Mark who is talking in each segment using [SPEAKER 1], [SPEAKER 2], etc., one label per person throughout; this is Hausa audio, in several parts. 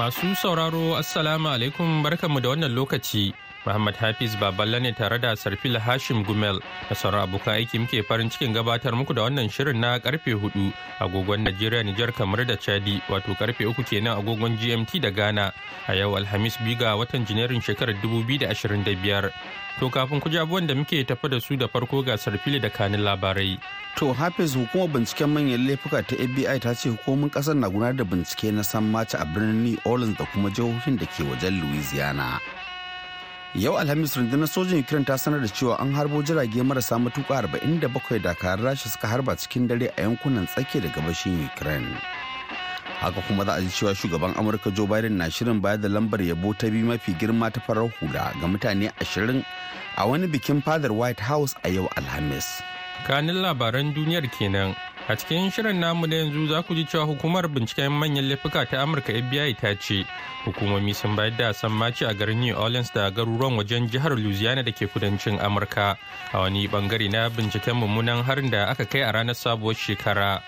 [SPEAKER 1] Masu sauraro Assalamu alaikum barkanmu da wannan lokaci Muhammad Hafiz Baballe ne tare da Sarfil Hashim Gumel da sauran abokan aiki muke farin cikin gabatar muku da wannan shirin na karfe hudu agogon Najeriya Nijar kamar da Chadi wato karfe uku kenan agogon GMT da Ghana a yau Alhamis biga watan Janairun shekarar 2025. To kafin ku abubuwan da muke tafi da su da farko ga Sarfil da kanin labarai.
[SPEAKER 2] To Hafiz hukumar binciken manyan laifuka ta FBI ta ce hukumomin kasar na gudanar da bincike na san mace a birnin New Orleans da kuma jihohin da ke wajen Louisiana. yau alhamis rundunar sojin ukraine ta sanar da cewa an harbo jirage marasa matuka 47 dakarun rasha suka harba cikin dare a yankunan tsakiya da gabashin ukraine haka kuma za a ji cewa shugaban amurka joe biden na shirin bayar da lambar yabo ta biyu mafi girma ta farar hula ga mutane 20 a wani bikin fadar white house a yau alhamis
[SPEAKER 1] kanin labaran duniyar kenan A cikin shirin namu da yanzu za ku ji cewa hukumar binciken manyan laifuka ta Amurka FBI ta ce hukumomi sun bayar da sammaci a garin New Orleans da garuruwan wajen jihar Louisiana da ke kudancin Amurka a wani bangare na binciken mummunan harin da aka kai a ranar sabuwar shekara.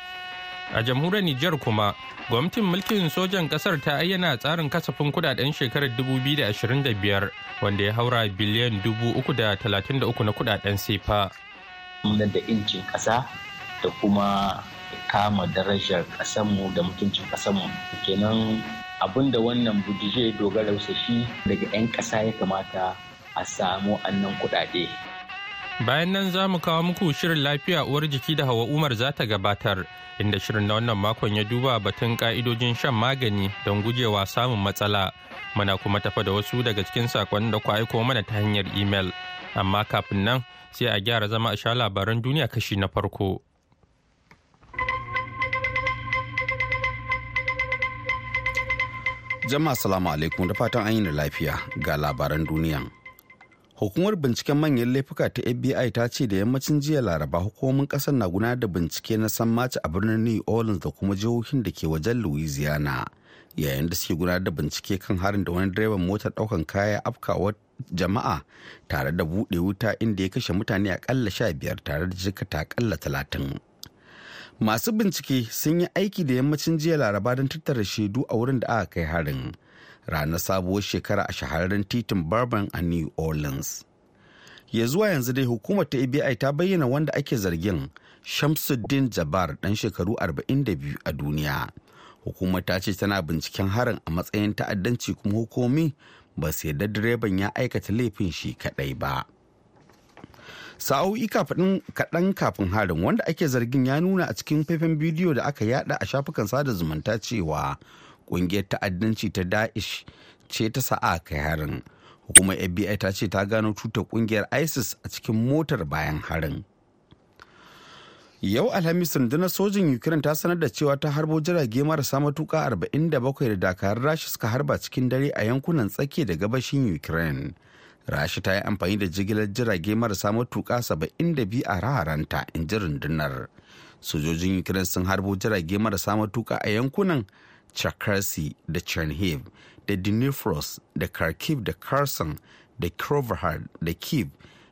[SPEAKER 1] A jamhuriyar Nijar kuma, gwamnatin mulkin sojan kasar ta ayyana tsarin kasafin kudaden shekarar 2025 wanda ya haura biliyan 333 na kudaden sefa.
[SPEAKER 3] da injin ƙasa da kuma kama darajar ƙasarmu da mutuncin ƙasarmu kenan abin da wannan budije dogara shi daga 'yan ƙasa ya kamata a samu annan kuɗaɗe.
[SPEAKER 1] bayan nan za mu kawo muku shirin lafiya uwar jiki da hawa umar za ta gabatar inda shirin na wannan makon ya duba batun ka'idojin shan magani don gujewa samun matsala muna kuma tafa da wasu daga cikin sakon da ku aiko mana ta hanyar imel amma kafin nan sai a gyara zama a sha labaran duniya kashi na farko.
[SPEAKER 2] Jama'a salamu alaikum da fatan an yi lafiya ga labaran duniya. Hukumar binciken manyan laifuka ta FBI ta ce da yammacin jiya laraba hukumomin kasar na gudanar da bincike na san sammaci a birnin New Orleans da kuma jihohin da ke wajen Louisiana yayin da suke gudanar da bincike kan harin da wani direban motar daukan kaya afkawa jama'a tare da buɗe wuta inda ya kashe mutane akalla 15 tare da jikata akalla talatin. masu bincike sun yi aiki da yammacin jiya laraba don tattara shaidu a wurin da aka kai harin ranar sabuwar shekara a shahararren titin bourbon a new orleans ya zuwa yanzu dai hukumar ta abi ta bayyana wanda ake zargin shamsuddin jabar dan shekaru 42 a duniya hukumar ta ce tana binciken harin a matsayin ta'addanci kuma hukumi ba su yarda direban ya aikata laifin shi kadai ba sa'o'i kaɗan kafin harin wanda ake zargin ya nuna a cikin faifan bidiyo da aka yada a shafukan sada zumunta cewa ƙungiyar ta'addanci ta da'ish ce ta sa'a kai harin hukumar fbi ta ce ta gano tutar ƙungiyar isis a cikin motar bayan harin yau alhamis rundunar sojin ukraine ta sanar da cewa ta harbo jirage marasa matuka 47 da dakarun rasha suka harba cikin dare a yankunan tsakiya da gabashin ukraine rashi ta yi amfani da jigilar jirage marasa matuƙa saba'in da biyu a raharanta in ji rundunar sojojin ukraine sun harbo jirage marasa matuƙa a yankunan chakarsi da chernihiv da Dinifros da kharkiv da kherson da kroverhard da Kiv,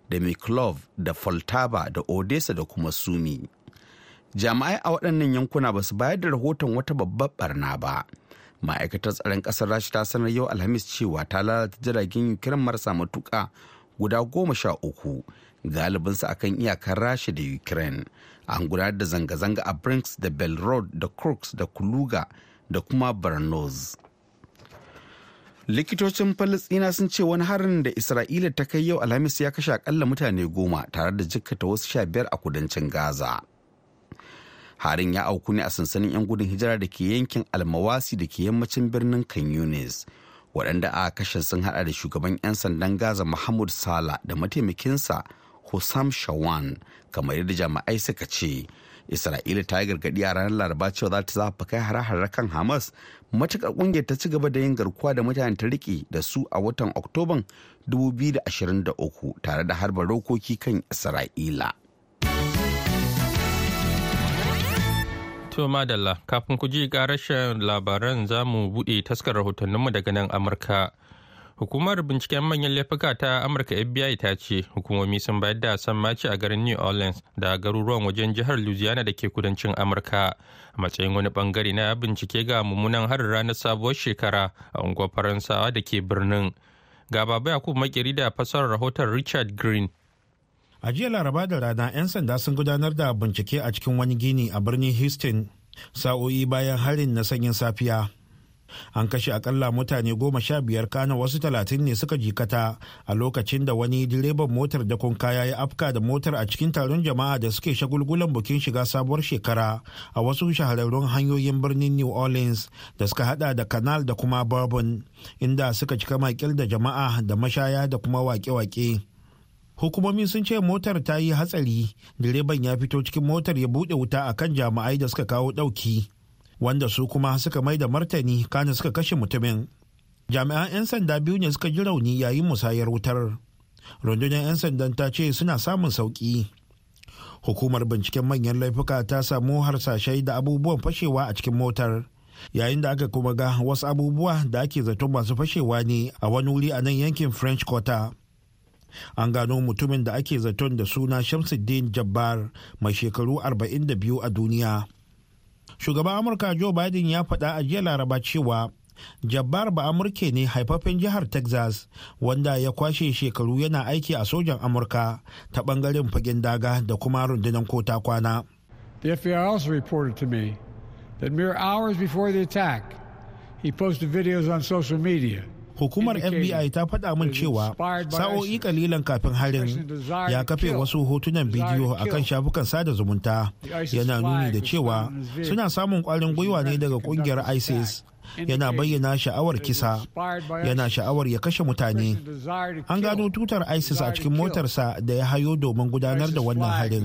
[SPEAKER 2] da miklov da foltaba da odessa da kuma sumi jami'ai a waɗannan yankuna ba su bayar da rahoton wata babbar barna ba ma'aikatar tsaron ƙasar rashi ta sanar yau alhamis cewa ta lalata jiragen ukraine marasa matuƙa guda goma sha uku galibinsu a kan iyakar rashi da ukraine an gudanar da zanga-zanga a brinks da belrod da crooks da kuluga da kuma barnos likitocin falisina sun ce wani harin da isra'ila ta kai yau alhamis ya kashe akalla mutane goma tare da jikkata wasu sha biyar a kudancin gaza harin ya auku ne a sansanin 'yan gudun hijira da ke yankin almawasi da ke yammacin birnin kan yunis waɗanda a kashe sun hada da shugaban 'yan sandan gaza mahmud sala da mataimakinsa hussam shawan kamar yadda jami'ai suka ce isra'ila ta yi gargaɗi a ranar laraba cewa za ta zafa kai hare-hare kan hamas matuƙar ƙungiyar ta ci gaba da yin garkuwa da mutane ta riƙe da su a watan oktoban 2023 tare da harba rokoki kan isra'ila
[SPEAKER 1] To madalla kafin ku ji karashen labaran za mu buɗe taskar rahotanninmu daga nan Amurka. Hukumar binciken manyan laifuka ta Amurka FBI ta ce hukumomi sun bayar da sammaci a garin New Orleans da garuruwan wajen jihar Louisiana da ke kudancin Amurka a matsayin wani bangare na bincike ga mummunan harin ranar sabuwar shekara a unguwar Faransawa da ke birnin. Ga baba yakub makiri da fasarar rahoton Richard Green.
[SPEAKER 4] a jiya laraba da rana 'yan sanda sun gudanar da bincike a cikin wani gini a birnin houston sa'o'i bayan harin na sanyin safiya an kashe akalla mutane goma sha biyar kana wasu talatin ne suka jikata a lokacin da wani direban motar da kaya ya afka da motar a cikin taron jama'a da suke shagulgulan bukin shiga sabuwar shekara a wasu shahararrun hanyoyin birnin new orleans da suka hada da canal da kuma bourbon inda suka cika makil da jama'a da mashaya da kuma wake-wake hukumomi sun ce motar ta yi hatsari direban ya fito cikin motar ya buɗe wuta a kan jami'ai da suka kawo ɗauki wanda su kuma suka mai da martani kana suka kashe mutumin jami'an 'yan sanda biyu ne suka ji rauni yayin musayar wutar rundunar 'yan sandan ta ce suna samun sauƙi. hukumar binciken manyan laifuka ta samu harsashai da abubuwan fashewa a cikin motar yayin da aka kuma ga wasu abubuwa da ake zaton masu fashewa ne a wani wuri a nan yankin french quarter an gano mutumin da ake zaton da suna shamsuddin jabbar mai shekaru 42 a duniya shugaban amurka joe biden ya faɗa a jiya laraba cewa jabbar ba amurke ne haifafen jihar texas wanda ya kwashe shekaru yana aiki a sojan amurka ta bangaren fagen daga da kuma rundunar kota kwana the fbi also reported to me that mere hours before the attack he posted videos on social media hukumar fbi ta faɗa min cewa sa'o'i kalilan kafin harin ya kafe wasu hotunan bidiyo a kan shafukan sada zumunta yana nuni da cewa suna samun ƙwarin gwiwa ne daga ƙungiyar isis yana bayyana sha'awar kisa yana sha'awar ya kashe mutane an gano tutar isis a cikin motarsa da ya hayo domin gudanar da wannan harin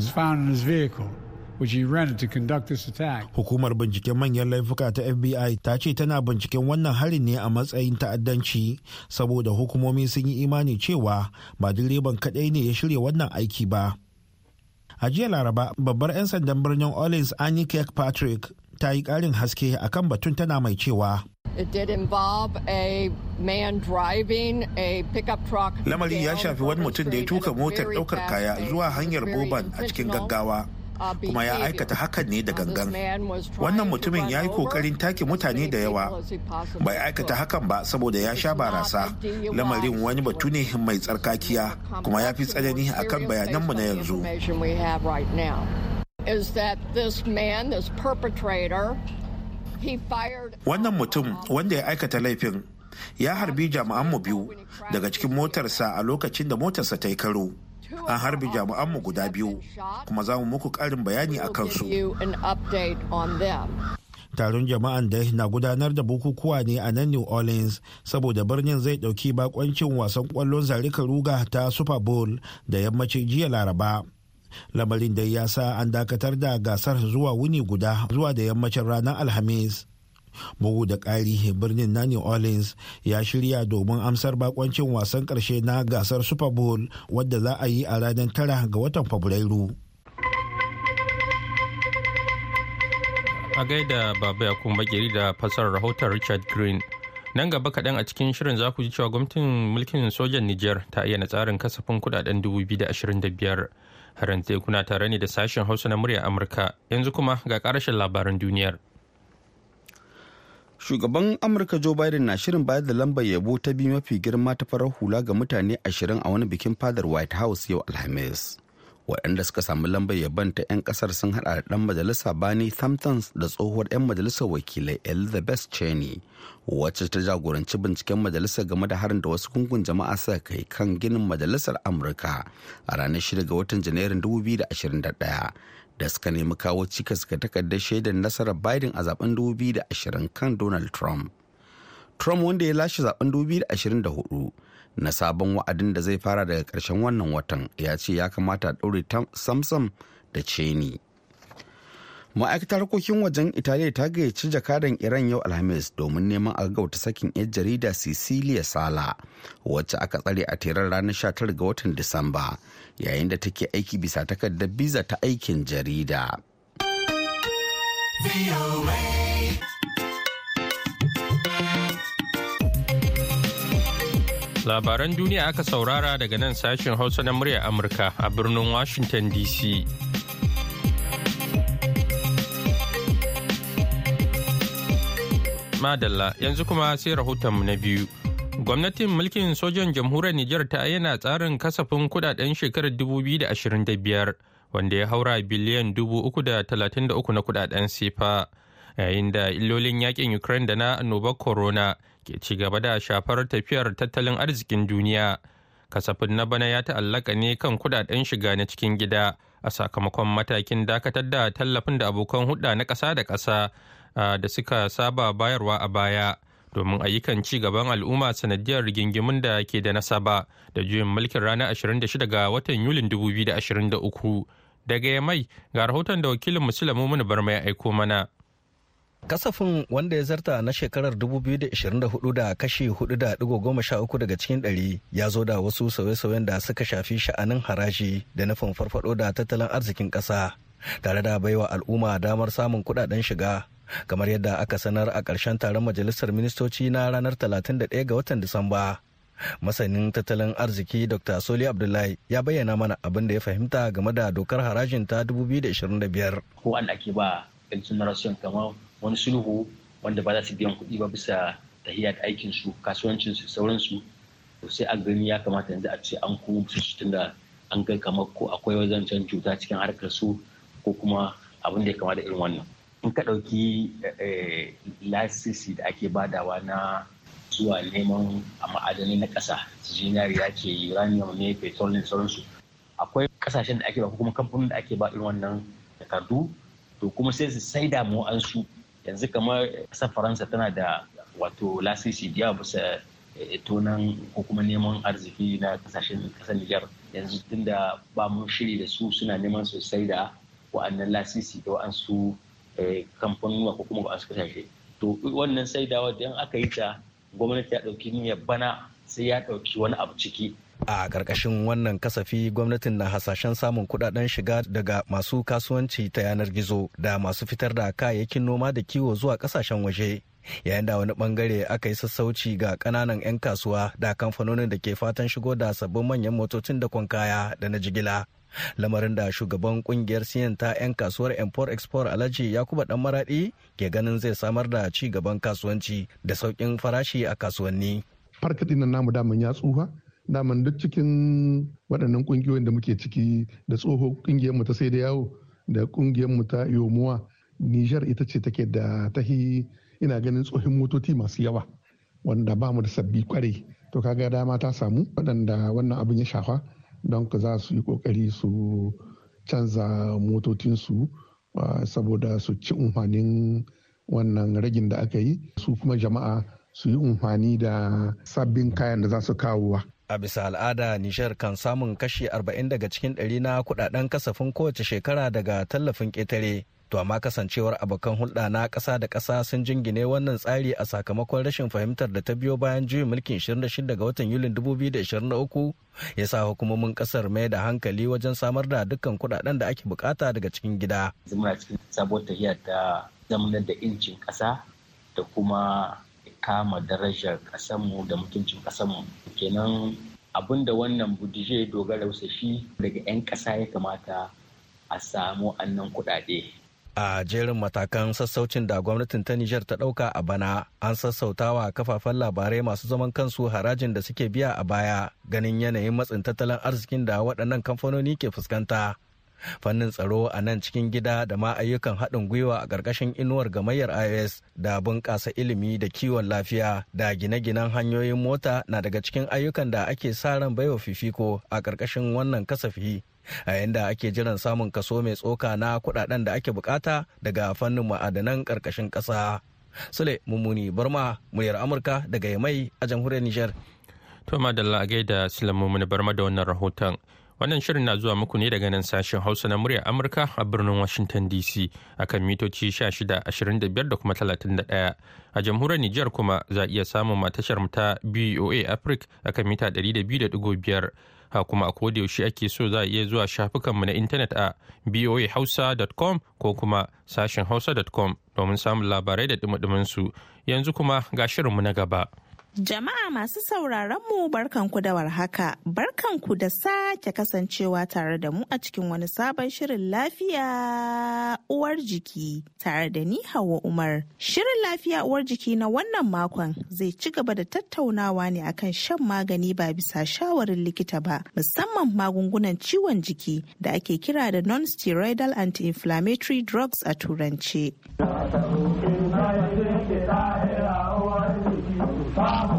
[SPEAKER 4] Hukumar binciken manyan laifuka ta FBI ta ce tana binciken wannan harin ne a matsayin ta'addanci saboda hukumomi sun yi imani cewa ba direban kadai ne ya shirya wannan aiki ba. A jiya Laraba, babbar 'yan sandan birnin Orleans Annie Kirkpatrick ta yi karin haske akan batun tana mai cewa. Lamari ya shafi wani mutum da ya tuka motar ɗaukar kaya zuwa hanyar Boban a cikin gaggawa.
[SPEAKER 3] kuma ya aikata
[SPEAKER 4] hakan ne da gangan wannan mutumin ya yi kokarin take mutane da yawa bai aikata hakan ba saboda ya sha barasa lamarin wani batu ne mai tsarkakiya kuma ya fi tsanani akan bayananmu na yanzu wannan mutum wanda ya aikata laifin ya harbi jami'an mu biyu daga cikin motarsa a lokacin da motarsa ta yi karo an harbi jami'anmu guda biyu kuma za mu muku ƙarin bayani a kansu taron jama'an dai na gudanar da bukukuwa ne a nan new orleans saboda birnin zai ɗauki bakoncin wasan kwallon zarika ruga ta super bowl da yammacin jiya laraba lamarin dai ya sa an dakatar da gasar zuwa wuni guda zuwa da yammacin ranar alhamis bugu da ƙari birnin na new orleans ya shirya domin amsar bakoncin wasan karshe na gasar super bowl wadda za a yi a ranar tara ga watan fabrairu
[SPEAKER 1] a gaida baba yakun bakiri da fasar rahoton richard green nan gaba kaɗan a cikin shirin za ku ji cewa gwamnatin mulkin sojan niger ta iya na tsarin kasafin kudaden 2025 haran kuna tare ne da sashen hausa na murya amurka yanzu kuma ga ƙarashin labaran duniyar
[SPEAKER 2] shugaban amurka joe biden na shirin bayar da lambar yabo ta biyu mafi girma ta farar hula ga mutane ashirin a wani bikin fadar white house yau alhamis waɗanda suka samu lambar yabon ta 'yan ƙasar sun haɗa da ɗan majalisa bani thamtons da tsohuwar 'yan majalisar wakilai elizabeth cheney wacce ta jagoranci binciken majalisar game da harin da wasu gungun jama'a suka kai kan ginin majalisar amurka a ranar 6 ga watan janairun 2021 da suka nemi kawo cikas ga takardar shaidar nasarar biden a zaben 2020 kan donald trump trump wanda ya lashe zaben 2024 na sabon wa'adin da zai fara daga ƙarshen wannan watan ya ce ya kamata a ɗaure samsam da cheney ma'aikatar harkokin wajen italiya ta gayyaci jakadan iran yau alhamis domin neman a gauta sakin 'yan jarida cecilia sala wacce aka tsare a teran ranar 19 ga watan disamba yayin da take aiki bisa takardar biza ta aikin jarida
[SPEAKER 1] labaran duniya aka saurara daga nan sashen hausa na murya amurka a birnin washington dc Madalla yanzu kuma sai rahoton mu na biyu. Gwamnatin mulkin sojan jamhuriyar Nijar ta yana tsarin kasafin kudaden shekarar 2025 wanda ya haura biliyan 333 na kudaden sifa yayin da illolin yakin Ukraine da na annobar corona ke cigaba da shafar tafiyar tattalin arzikin duniya. Kasafin na bana ya ta'allaka ne kan kudaden shiga na cikin gida a sakamakon matakin dakatar da tallafin da abokan hulɗa na ƙasa da ƙasa da suka saba bayarwa a baya domin ayyukan ci gaban al'umma sanadiyar rigingimun da ke da nasaba da juyin mulkin ranar 26 ga watan yulin 2023 daga mai ga rahoton da wakilin musulmi mun barma ya aiko mana
[SPEAKER 5] kasafin wanda ya zarta na shekarar 2024 da kashi 4.13 daga cikin ɗari ya zo da wasu sauye-sauyen da suka shafi sha'anin haraji da nufin farfado da tattalin arzikin ƙasa tare da baiwa al'umma damar samun kudaden shiga kamar yadda aka sanar a ƙarshen taron majalisar ministoci na ranar 31 ga watan Disamba. Masanin tattalin arziki Dr. Soli Abdullahi ya bayyana mana abin da ya fahimta game da dokar harajin ta 2025.
[SPEAKER 3] an ake ba yancin narasiyon kamar wani sulhu wanda ba za su biyan kuɗi ba bisa da aikinsu kasuwancinsu sauransu to sai a gani ya kamata yanzu a ce an kuma su tunda an kai kamar ko akwai wajen cuta cikin harkar su ko kuma abin da ya kama da irin wannan in ka ɗauki eh, lasisi da ake badawa na zuwa neman a ma'adani na ƙasa ya ce uranium ne petrol ne sauransu akwai ƙasashen da ake ba kuma kamfanin da ake ba irin wannan takardu to kuma sai su sai damu an su yanzu kamar ƙasar faransa tana da wato lasisi da yawa bisa eh, tonan ko kuma neman arziki na ƙasashen ƙasar niger yanzu tunda ba mu shiri da su suna neman su sosai da wa'annan lasisi da wa'ansu Eh, kamfanuwa ko kuma wasu kasashe to wannan da idan aka yi ta gwamnati ya ɗauki niyyar bana sai ya ɗauki wani abu ciki a
[SPEAKER 5] ƙarƙashin wannan kasafi gwamnatin na hasashen samun kudaden shiga daga masu kasuwanci ta yanar gizo da masu fitar da kayayyakin noma da kiwo zuwa ƙasashen waje yayin da wani bangare aka yi sassauci ga kananan 'yan kasuwa da kamfanonin da ke fatan shigo da sabbin manyan motocin da kwankaya da na jigila lamarin da shugaban kungiyar siyan ta 'yan kasuwar import export alhaji yakuba dan maradi ke ganin zai samar da ci gaban kasuwanci da sauƙin farashi a kasuwanni farkaɗin nan namu daman ya da daman duk cikin waɗannan kungiyoyin da muke ciki da tsoho mu ta sai da yawo da mu ta yomuwa nijar ita ce take da tahi ina ganin tsohin motoci masu yawa wanda ba mu da sabbi kwarai to kaga dama ta samu waɗanda wannan abin ya shafa don ka za su yi kokari su canza motocinsu saboda su ci umfanin wannan ragin da aka yi su kuma jama'a su yi umfani da sabbin kayan da za su kawowa. A bisa al'ada Nishar kan samun kashi 40 daga cikin ɗari na kudaden kasafin kowace shekara daga tallafin ƙetare. To amma kasancewar abokan hulɗa na ƙasa da ƙasa sun jingine wannan tsari a sakamakon rashin fahimtar da ta biyo bayan juyin mulkin 26 ga watan Yulin 2023 ya sa hukumomin ƙasar mai da hankali wajen samar da dukkan kuɗaɗen da ake bukata daga cikin gida.
[SPEAKER 3] Zuma cikin sabon tafiya ta zamanar da incin ƙasa da kuma kama darajar ƙasanmu da mutuncin ƙasanmu. Kenan abin da wannan budije dogara shi daga 'yan ƙasa ya kamata a samu annan kuɗaɗe.
[SPEAKER 5] a jerin matakan sassaucin da gwamnatin ta nijar ta ɗauka a bana an sassautawa kafafen labarai masu zaman kansu harajin da suke biya a baya ganin yanayin matsin tattalin arzikin da waɗannan kamfanoni ke fuskanta fannin tsaro a nan cikin gida da ma ayyukan haɗin gwiwa a ƙarƙashin inuwar gamayyar ios da bunƙasa ilimi da kiwon lafiya da gine-ginen hanyoyin mota na daga cikin ayyukan da ake sa ran baiwa fifiko a ƙarƙashin wannan kasafi a yadda ake jiran samun kaso mai tsoka na kuɗaɗen da ake bukata daga fannin ma'adanan ƙarƙashin ƙasa sule mummuni barma muryar amurka daga yamai a jamhuriyar nijar
[SPEAKER 1] to madalla a gaida sule mummuni barma da wannan rahoton Wannan shirin na zuwa muku ne daga nan sashen Hausa na muryar Amurka a birnin Washington DC akan mitoci 1625 da kuma 31. A jamhuriyar Nijar kuma za a iya samun matashar ta BOA Africa akan mita 200.5. Ha kuma a yaushe ake so za a iya zuwa shafukanmu na intanet a boahausa.com ko kuma sashen hausa.com domin samun labarai da dumi Yanzu kuma ga shirinmu na gaba.
[SPEAKER 6] Jama'a masu sauraron mu barkanku da warhaka, barkanku da sake kasancewa tare da mu a cikin wani sabon shirin lafiya uwar jiki tare da ni Hauwa Umar. Shirin lafiya uwar jiki na wannan makon zai ci gaba da tattaunawa ne akan shan magani ba bisa shawarin likita ba, musamman magungunan ciwon jiki da ake kira da non-steroidal anti-inflammatory drugs a turance. Father.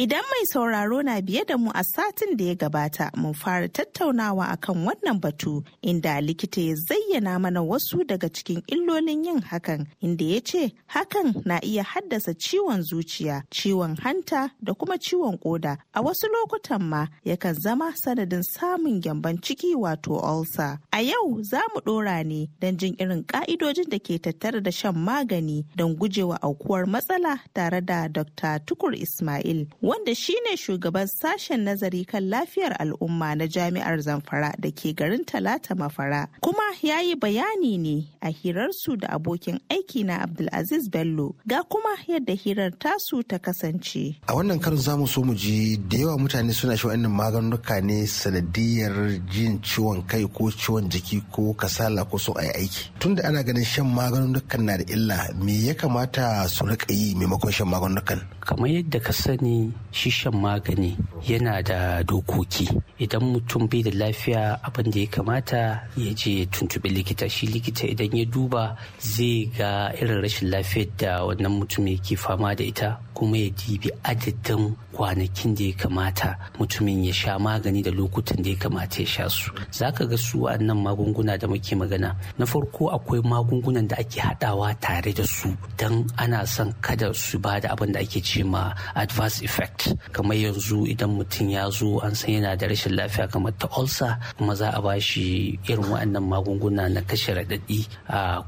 [SPEAKER 6] Idan mai sauraro na biye da mu a satin da ya gabata mun fara tattaunawa akan wannan batu inda likita ya zayyana mana wasu daga cikin illolin yin hakan inda ya ce hakan na iya haddasa ciwon zuciya, ciwon hanta da kuma ciwon koda a wasu lokutan ma yakan zama sanadin samun gyamban ciki wato ulcer. A yau za mu ɗora ne don jin irin ka'idojin da ke tattare da shan magani don gujewa aukuwar matsala tare da Dr. Tukur Ismail. wanda shine shugaban sashen nazari kan lafiyar al'umma na jami'ar zamfara da ke garin talata mafara kuma ya yi bayani ne a hirarsu da abokin aiki na abdulaziz bello ga kuma yadda hirar tasu ta kasance
[SPEAKER 7] a wannan karin zamu so mu ji da yawa mutane suna shi wa'annan maganuka ne sanadiyar jin ciwon kai ko ciwon jiki ko kasala ko so a yi aiki tunda ana ganin shan maganunukan na da illa me ya kamata su riƙa yi maimakon shan maganukan kamar yadda
[SPEAKER 8] ka sani Shishan magani yana da dokoki idan mutum bai da lafiya abin da ya kamata ya je ya tuntuɓi likita shi likita idan ya duba zai ga irin rashin lafiyar da wannan mutum yake fama da ita kuma ya dibi adadin kwanakin da ya kamata mutumin ya sha magani da lokutan da ya kamata ya sha su za ka ga su wa'annan magunguna da muke magana na farko akwai magungunan da ake haɗawa tare da su don ana son kada su ba da abin da ake ce ma adverse effect alert kamar yanzu idan mutum ya zo an san yana da rashin lafiya kamar ta ulcer kuma za a ba shi irin waɗannan magunguna na kashe raɗaɗi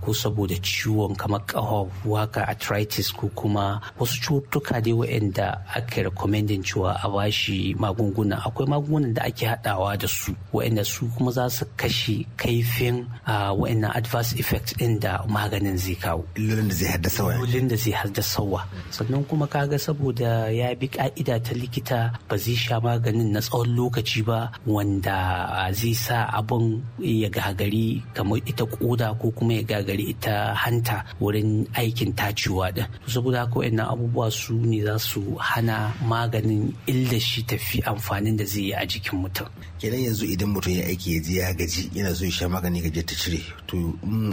[SPEAKER 8] ko saboda ciwon kamar ƙaho waka arthritis ko kuma wasu cututtuka dai waɗanda ake recommending cewa a ba shi magunguna akwai magungunan da ake haɗawa da su waɗanda su kuma za su kashe kaifin waɗannan adverse effects ɗin da maganin zai kawo illolin da zai haddasa wa illolin da zai haddasa wa sannan kuma kaga saboda ya bi ka'ida ta likita ba zai sha maganin na tsawon lokaci ba wanda zai sa abin ya gagari kamar ita koda ko kuma ya gagari ita hanta wurin aikin tacewa din saboda haka wayannan abubuwa su ne za su hana maganin illa shi tafi amfanin da zai yi a jikin mutum kenan yanzu idan
[SPEAKER 7] mutum ya aiki ya je ya gaji yana so ya sha magani gaji ta cire to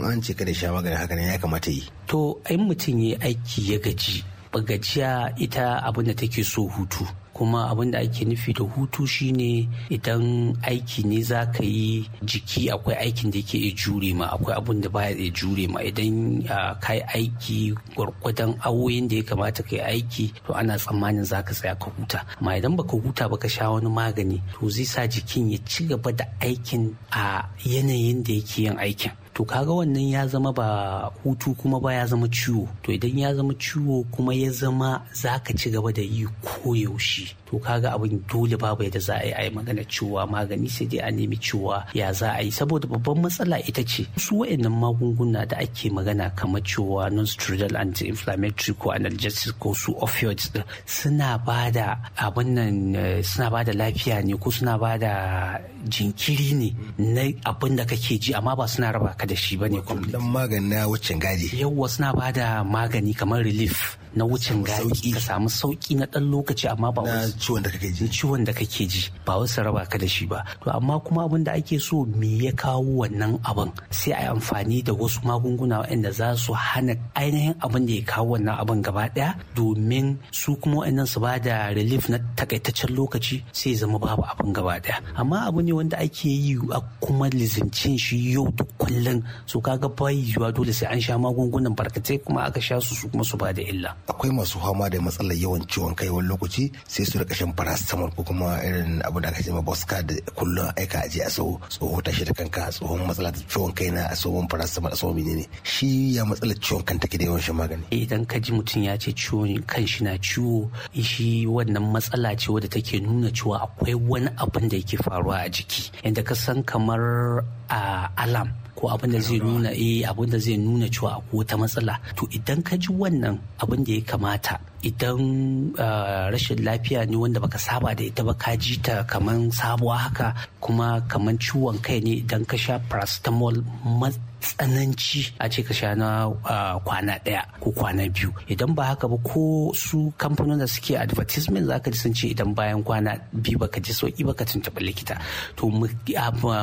[SPEAKER 7] an ce kada sha magani haka
[SPEAKER 8] ne ya kamata yi to in mutum ya aiki ya gaji gajiya ita abin da take so hutu kuma abin da ake nufi da hutu shine idan aiki ne za ka yi jiki akwai aikin da yake iya jure ma akwai abin da baya iya jure ma idan ka yi aiki gwargwadon awoyin da ya kamata ka yi aiki to ana tsammanin za ka tsaya ka huta amma idan baka huta ba ka sha wani magani to zai sa jikin ya ci gaba da aikin a yanayin da yake yin aikin to kaga wannan ya zama ba hutu kuma ba ya zama ciwo to idan ya zama ciwo kuma ya zama za ka ci gaba da yi koyaushe to kaga abin dole babu yadda za a yi a yi magana cewa magani sai dai a nemi cewa ya za a yi saboda babban matsala ita ce su wa'annan magunguna da ake magana kamar cewa non-steroidal anti-inflammatory ko analgesic ko su opioids suna bada abin nan eh, suna bada lafiya ne ko suna bada jinkiri ne na abin da kake ji amma ba suna raba ka da shi ba ne dan magani na wucin gadi yawwa suna ba da magani kamar relief na wucin gadi ka samu sauki na ɗan lokaci amma ba na ciwon da kake ji ciwon da kake ji ba wasu raba ka da shi ba to amma kuma abin da ake so me ya kawo wannan abin sai a yi amfani da wasu magunguna waɗanda za su hana ainihin abin da ya kawo wannan abin gaba ɗaya domin su kuma waɗannan su ba da relief na takaitaccen lokaci sai zama babu abin gaba ɗaya amma abu ne wanda ake yi a kuma lizincin shi yau da kullum Su ka kaga bai yiwuwa dole sai an sha magungunan barkatai kuma aka sha su su kuma su ba illa akwai masu fama da matsalar yawan ciwon kai
[SPEAKER 7] wani lokaci sai su rika shan paracetamol ko kuma irin abu da aka ce ma boska da kullum aika aje a sau tsoho tashi da kanka tsohon matsala da ciwon kai na a tsohon paracetamol a tsohon menene shi
[SPEAKER 8] ya matsalar ciwon kan take da yawan shan magani eh, idan ka ji mutum ya ce ciwon kan shi na ciwo shi wannan matsala ce wadda take nuna cewa akwai wani abin da yake faruwa a jiki yadda ka san kamar a ah, alam ko abin da zai nuna eh abin da zai nuna cewa ko ta matsala to idan ka ji wannan abin da ya kamata idan ah, rashin lafiya ne wanda baka saba da ita ba ka ji ta kaman sabuwa haka kuma kaman ciwon kai ne idan ka sha paracetamol tsananci a ce ka sha na kwana ɗaya ko kwana biyu idan ba haka ba ko su kamfanonin da suke advertisement za ka ji sun ce idan bayan kwana biyu baka ji sauki ka tuntuɓi likita to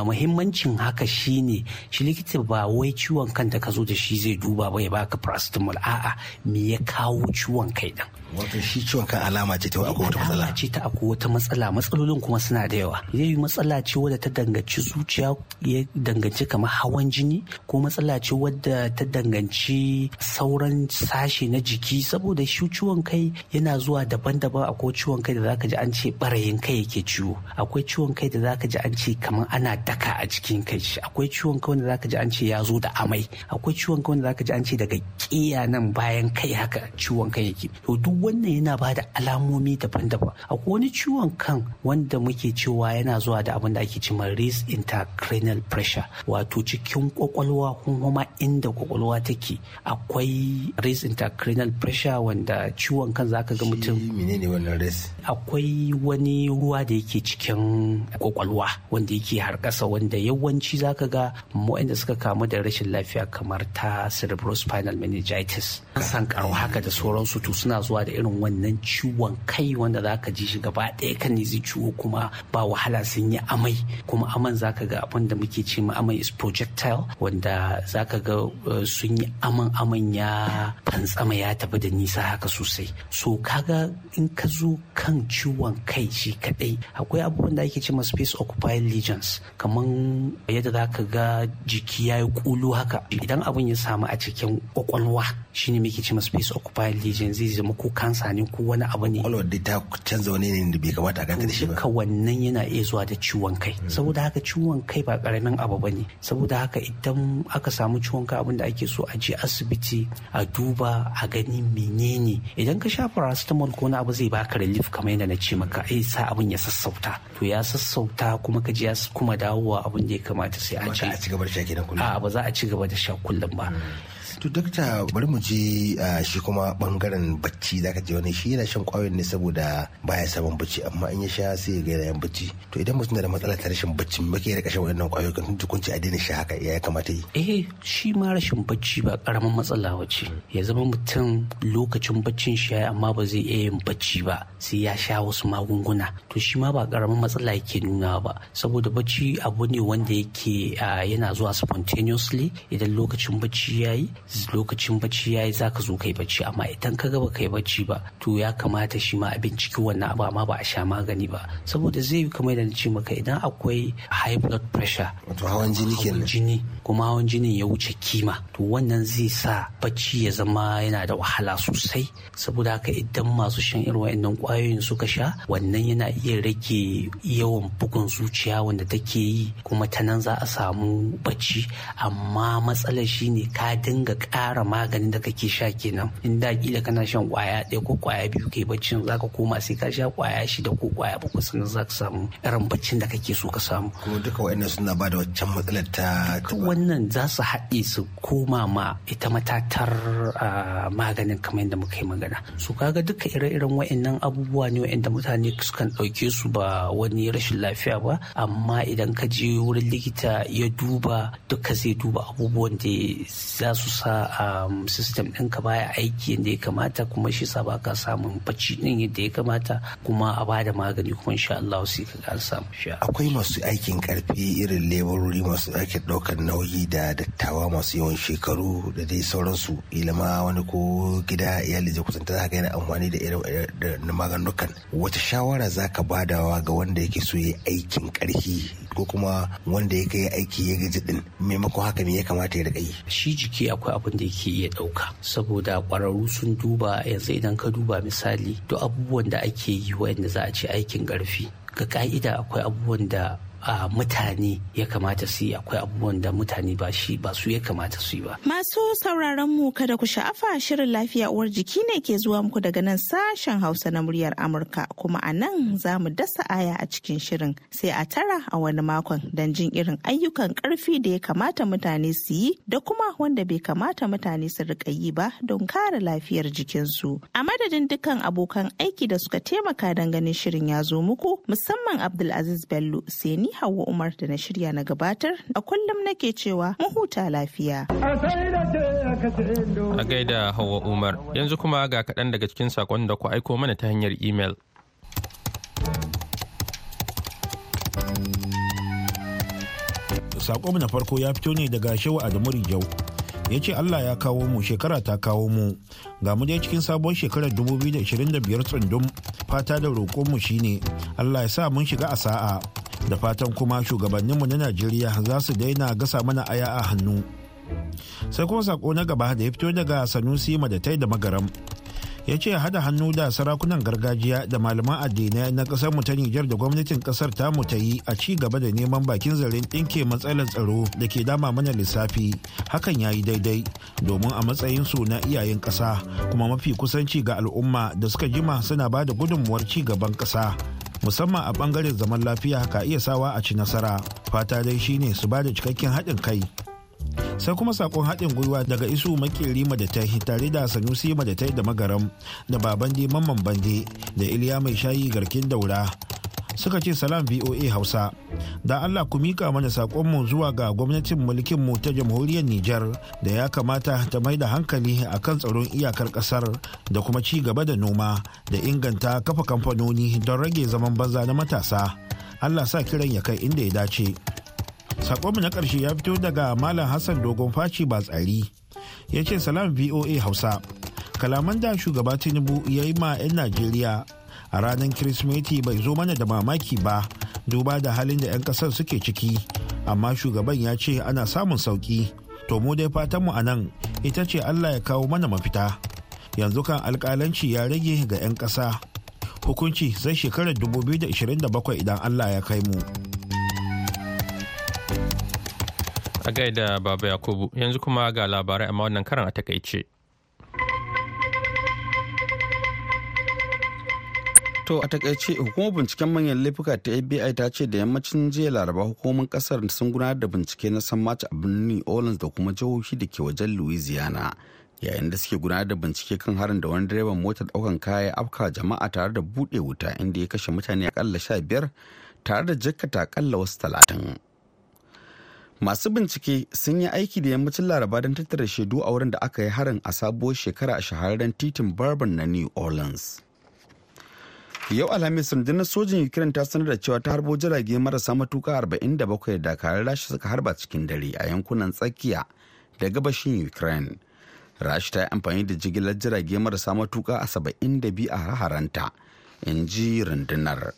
[SPEAKER 8] muhimmancin haka shine shi likita ba wai ciwon kanta ka zo da shi zai duba ba ya baka paracetamol a'a me ya kawo ciwon kai din wato shi ciwon kan alama ce ta akwai wata matsala ce ta akwai wata matsala matsalolin kuma suna da yawa zai yi matsala ce wadda ta danganci zuciya ya danganci kamar hawan jini ko matsala ce wadda ta danganci sauran sashe na jiki saboda shi ciwon kai yana zuwa daban-daban akwai ciwon kai da zaka ji an ce barayin kai yake ciwo akwai ciwon kai da zaka ji an ce kamar ana daka a cikin kai akwai ciwon kai wanda zaka ji an ce ya zo da amai akwai ciwon kai wanda zaka ji an ce daga kiya nan bayan kai haka ciwon kai yake to duk wannan yana ba da alamomi daban-daban akwai wani ciwon kan wanda muke cewa yana zuwa da abin da ake cewa raise intracranial pressure wato cikin kwakwalwa kuma inda kwakwalwa take akwai raise intracranial pressure wanda ciwon kan zaka ga mutum menene wannan akwai wani ruwa da yake cikin kwakwalwa wanda yake harkasa wanda yawanci zaka ga waɗanda suka kamu da rashin lafiya kamar ta cerebrospinal meningitis sankarau haka da sauransu to suna zuwa da irin wannan ciwon kai wanda za ka ji shi gaba ɗaya kan ne zai ciwo kuma ba wahala sun yi amai kuma aman za ka ga abin da muke ce ma amai is projectile wanda za ka ga eh, sun yi aman aman ya fantsama ya tafi da nisa haka sosai so kaga in ka zo kan ciwon kai shi kaɗai akwai abubuwan da ake ce ma space occupied legions kamar yadda za ka ga jiki ya yi kulu haka idan abin ya samu a cikin kwakwalwa shine muke ce ma space occupied legions zai zama ko kansa ne ko wani abu ne kwalwar ta canza wani ne da bai kamata a ganta da shi ba duka wannan yana iya zuwa da ciwon kai hmm. saboda haka ciwon kai ba karamin abu bane saboda haka idan aka samu ciwon kai abin da ake so a je asibiti a duba a gani menene idan ka sha paracetamol ko wani abu zai baka relief kamar yadda na ce maka ai sa abin ya sassauta to ya sassauta kuma ka ji ya kuma dawowa abin da ya kamata sai a ce a ba za a ci gaba da sha kullum ba hmm. to
[SPEAKER 7] dakta bari mu je shi kuma bangaren bacci zaka je wani shi yana shan kwayoyin ne saboda baya samun bacci amma in ya sha sai ya gaira yan bacci to idan mutum da matsala ta rashin bacci me kake
[SPEAKER 8] rika shan waɗannan kwayoyin kan tun kunci a daina sha haka ya kamata yi eh shi ma rashin bacci ba karamin matsala wace ya zama mutum lokacin baccin shi amma ba zai iya yin bacci ba sai ya sha wasu magunguna to shi ma ba karamin matsala yake nuna ba saboda bacci abu ne wanda yake yana zuwa spontaneously idan lokacin bacci yayi lokacin bacci ya yi za ka zo kai bacci amma idan ka gaba kai bacci ba to ya kamata shi ma a binciki wannan abu amma ba a sha magani ba saboda zai yi kamar da na ce maka idan akwai high blood pressure wato hawan jini kenan jini kuma hawan jinin ya wuce kima to wannan zai sa bacci ya zama yana da wahala sosai saboda haka idan masu shan irin wa'annan kwayoyin suka sha wannan yana iya rage yawan bugun zuciya wanda take yi kuma ta nan za a samu bacci amma matsalar shine ka dinga ƙara maganin da kake sha kenan in da kila kana shan kwaya ɗaya ko kwaya biyu kai baccin zaka koma sai ka sha kwaya shida ko kwaya bakwai sannan zaka samu irin baccin da kake so ka samu kuma duka wa'annan suna ba da waccan matsalar ta wannan za su haɗe su koma ma ita matatar maganin kamar yadda muka yi magana su kaga duka ire-iren wa'annan abubuwa ne wa'anda mutane sukan ɗauke su ba wani rashin lafiya ba amma idan ka je wurin likita ya duba duka zai duba abubuwan da za su sa um, system ɗinka baya aiki yadda ya kamata kuma shi sa baka samun bacci din yadda ya kamata kuma a bada magani kuma insha Allah sai ka an samu sha. Akwai masu aikin karfi
[SPEAKER 7] irin leburori masu aikin ɗaukar nauyi da dattawa masu yawan shekaru da dai sauransu ilima wani ko gida iyali zai kusanta ka yana amfani da irin maganukan. Wata shawara za ka badawa ga wanda yake so ya aikin karfi ko kuma
[SPEAKER 8] wanda ya kai aiki ya gaji din maimakon haka me ya kamata ya riƙa yi shi jiki akwai abin da yake iya ɗauka saboda ƙwararru sun duba yanzu idan ka duba misali duk abubuwan da ake yi wa'anda za a ce aikin ƙarfi ga ka'ida akwai abubuwan da a mutane ya kamata su yi akwai abubuwan da mutane ba shi ba su ya kamata su yi ba.
[SPEAKER 6] Masu sauraron mu kada ku sha'afa shirin lafiya uwar jiki ne ke zuwa muku daga nan sashen Hausa na muryar Amurka kuma a nan za mu dasa aya a cikin shirin sai a tara a wani makon don jin irin ayyukan karfi da ya kamata mutane su yi da kuma wanda bai kamata mutane su rika yi ba don kare lafiyar jikinsu. A madadin dukkan abokan aiki da suka taimaka don ganin shirin ya zo muku musamman Abdulaziz Bello sai ni Hauwa Umar da na shirya na gabatar a kullum nake cewa mu lafiya.
[SPEAKER 1] A gaida Hauwa Umar yanzu kuma ga kaɗan daga cikin sakon da ku aiko mana ta hanyar imel.
[SPEAKER 4] Sakon na farko ya fito ne daga Shehu Adamu Rijau. ya ce Allah ya kawo mu shekara ta kawo mu ga mu dai cikin sabon shekarar 2025 tsundum fata da roƙonmu shine Allah ya sa mun shiga a sa'a da fatan kuma shugabanninmu na najeriya za su daina gasa mana aya a hannu sai kuma sako na gaba da ya fito daga sanusi madatai da magaram ya ce hada hannu da sarakunan gargajiya da malaman addinai na kasar mu ta nijar da gwamnatin kasar mu ta yi a ci gaba da neman bakin zarin ɗinke matsalar tsaro da ke dama mana lissafi hakan ya yi daidai domin a matsayin su na iyayen ƙasa kuma mafi kusanci ga al'umma da suka jima suna ba da gudunmuwar ci gaban ƙasa musamman a bangaren zaman lafiya ka iya sawa a ci nasara fata dai shine su ba da cikakken haɗin kai sai kuma sakon haɗin gwiwa daga isu makeri yi tare da sanusi madatai da magaram da baban mamman bande da iliya mai shayi garkin daura suka ce salam voa hausa da allah ku mika mana saƙonmu zuwa ga gwamnatin mulkin mu ta jamhuriyar nijar da ya kamata ta mai da hankali a kan tsaron iyakar ƙasar da kuma ci gaba da noma da inganta kafa kamfanoni don rage zaman banza na matasa allah sa kiran ya kai inda ya dace saƙonmu na ƙarshe ya fito daga malam hassan dogon faci ba tsari ya ce salam voa hausa kalaman da shugaba tinubu ya yi ma 'yan najeriya a ranar kirismeti bai zo mana da mamaki ba duba da halin da 'yan kasar suke ciki amma shugaban ya ce ana samun sauki to mu dai fatanmu a nan ita ce allah ya kawo mana mafita yanzu kan alkalanci ya rage ga 'yan ƙasa hukunci zai shekarar 2027 idan allah ya kai mu
[SPEAKER 1] a gaida baba yakubu yanzu kuma ga labarai amma wannan karan a takaice
[SPEAKER 2] To a takaice hukumar binciken manyan laifuka ta FBI ta ce da yammacin jiya laraba hukumomin kasar sun gudanar da bincike na san mace a birnin New Orleans da kuma jihohi da ke wajen Louisiana. Yayin da suke gudanar da bincike kan harin da wani direban motar daukan kaya afka jama'a tare da bude wuta inda ya kashe mutane akalla sha biyar tare da jakkata akalla wasu talatin. Masu bincike sun yi aiki da yammacin laraba don tattara shaidu a wurin da aka yi harin a sabuwar shekara a shahararren titin Bourbon na New Orleans. yau alhamis rundunar sojin ukraine ta sanar da cewa ta harbo jirage marasa matuka 47 da dakarun rasha suka harba cikin dare a yankunan tsakiya da gabashin ukraine rasha ta yi amfani da jigilar jirage marasa matuka a 72 a haranta in ji rundunar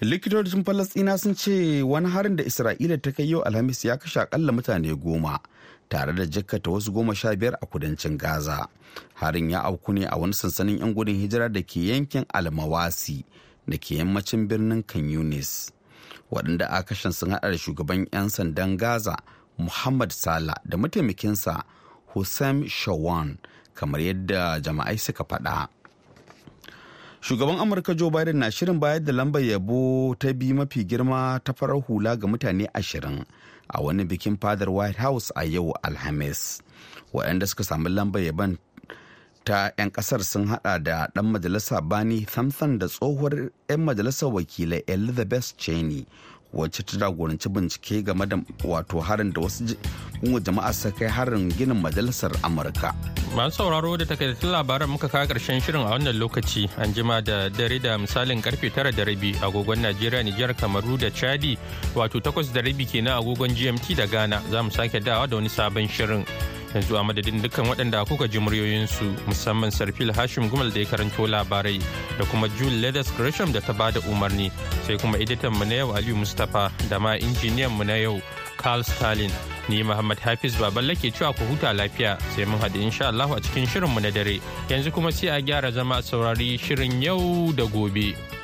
[SPEAKER 2] likitocin Falasina sun ce wani harin da isra'ila ta kai yau alhamis ya kashe akalla mutane goma tare da jikkata wasu goma sha biyar a kudancin gaza harin ya auku ne a wani sansanin 'yan gudun hijira da ke yankin almawasi da ke yammacin birnin kan yunis waɗanda a kashin sun haɗa da shugaban 'yan sandan gaza muhammad sala da mataimakinsa hussein shawan kamar yadda jama'ai suka faɗa shugaban amurka joe biden na shirin bayar da lambar yabo ta bi mafi girma ta farar hula ga mutane ashirin a wani bikin fadar white house a yau alhamis waɗanda suka samu lambar yaban ta 'yan kasar sun hada da ɗan majalisa bani thompson da tsohuwar 'yan majalisar wakilai elizabeth cheney wacce ta jagoranci bincike game da wato harin da wasu jama'a suka kai harin ginin majalisar amurka
[SPEAKER 1] masu sauraro da takaitattun labaran muka kawo karshen shirin a wannan lokaci an jima da dare da misalin karfe tara da rabi agogon najeriya nijar kamaru da chadi wato takwas da rabi kenan agogon gmt da ghana za mu sake dawa da wani sabon shirin yanzu a madadin dukkan waɗanda kuka ji muryoyinsu musamman sarfil hashim gumal da ya karanto labarai da kuma jule leathers gresham da ta bada umarni sai kuma editan mu na yau aliyu mustapha da ma injiniyan mu na yau carl stalin ni muhammad hafiz baban ke cewa ku huta lafiya sai mun haɗu insha allah a cikin mu na dare yanzu kuma sai a gyara zama saurari shirin yau da gobe.